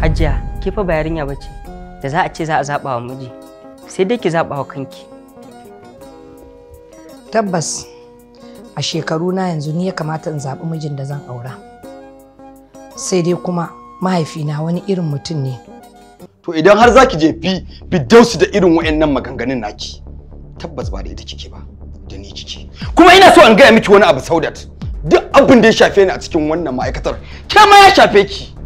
Hajiya, ke fa ba yarinya bace da za a ce za a zaɓa wa miji. Sai dai ki zaɓa wa kanki. Tabbas a shekaru na yanzu ni ya kamata in zaɓi mijin da zan aura. Sai dai kuma mahaifina wani irin mutum ne. To idan har zaki je fi da irin wa'annan maganganun naki. Tabbas ba da ita kike ba, da ni kike. Kuma ina so in gaya miki wani abu Saudat. Duk abin da ya shafe ni a cikin wannan ma'aikatar, ke ya shafe ki.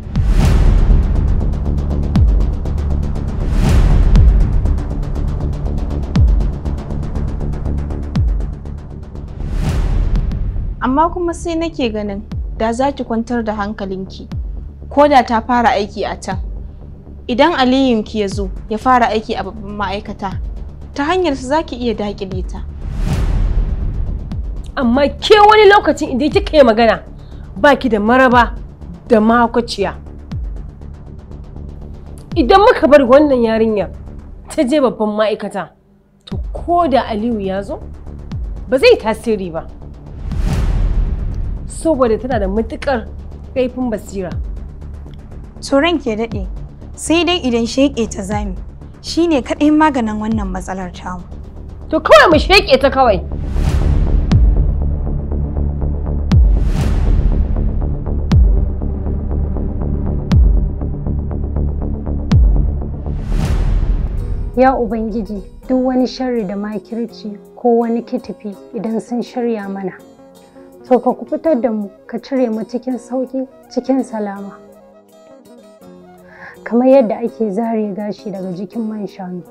amma kuma sai nake ganin da za ki kwantar da hankalinki ko da ta fara aiki a can idan ki ya zo ya fara aiki a babban ma'aikata ta hanyar su za ki iya daƙile ta amma ke wani lokacin idan kika yi magana ba ki da maraba da makwaciya idan muka bar wannan yarinyar ta je babban ma'aikata to ko da aliyu ya zo ba zai tasiri ba saboda tana da matukar kaifin basira turan ke daɗe sai dai idan sheƙe ta zami shine kaɗai maganin wannan matsalar tamu to kawai mu sheƙe ta kawai Ya Ubangiji, duk wani sharri da makirci ko wani kitifi idan sun shirya mana, to ka fitar da mu ka cire mu cikin sauƙi cikin salama kamar yadda ake zare gashi daga jikin man shanu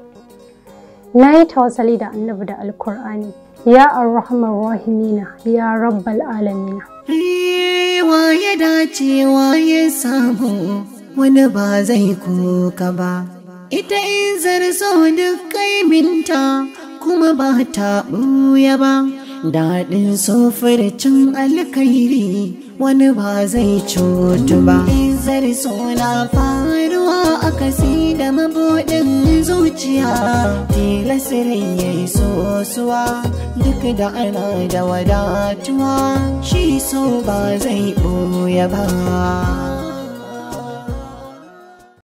na yi tawasali da annabi da alkur'ani ya arhamar rahimina ya rabbal alamina wa ya dace wa ya samu wani ba zai kuka ba ita in zarzo duk kaiminta kuma ba ta ɓuya ba daɗin sofar can alkairi wani ba zai cutu ba izar suna faruwa a kasi da mabuɗin zuciya tilasirin ya yi sosuwa duk da ana da wadatuwa shi so ba zai ɓoya ba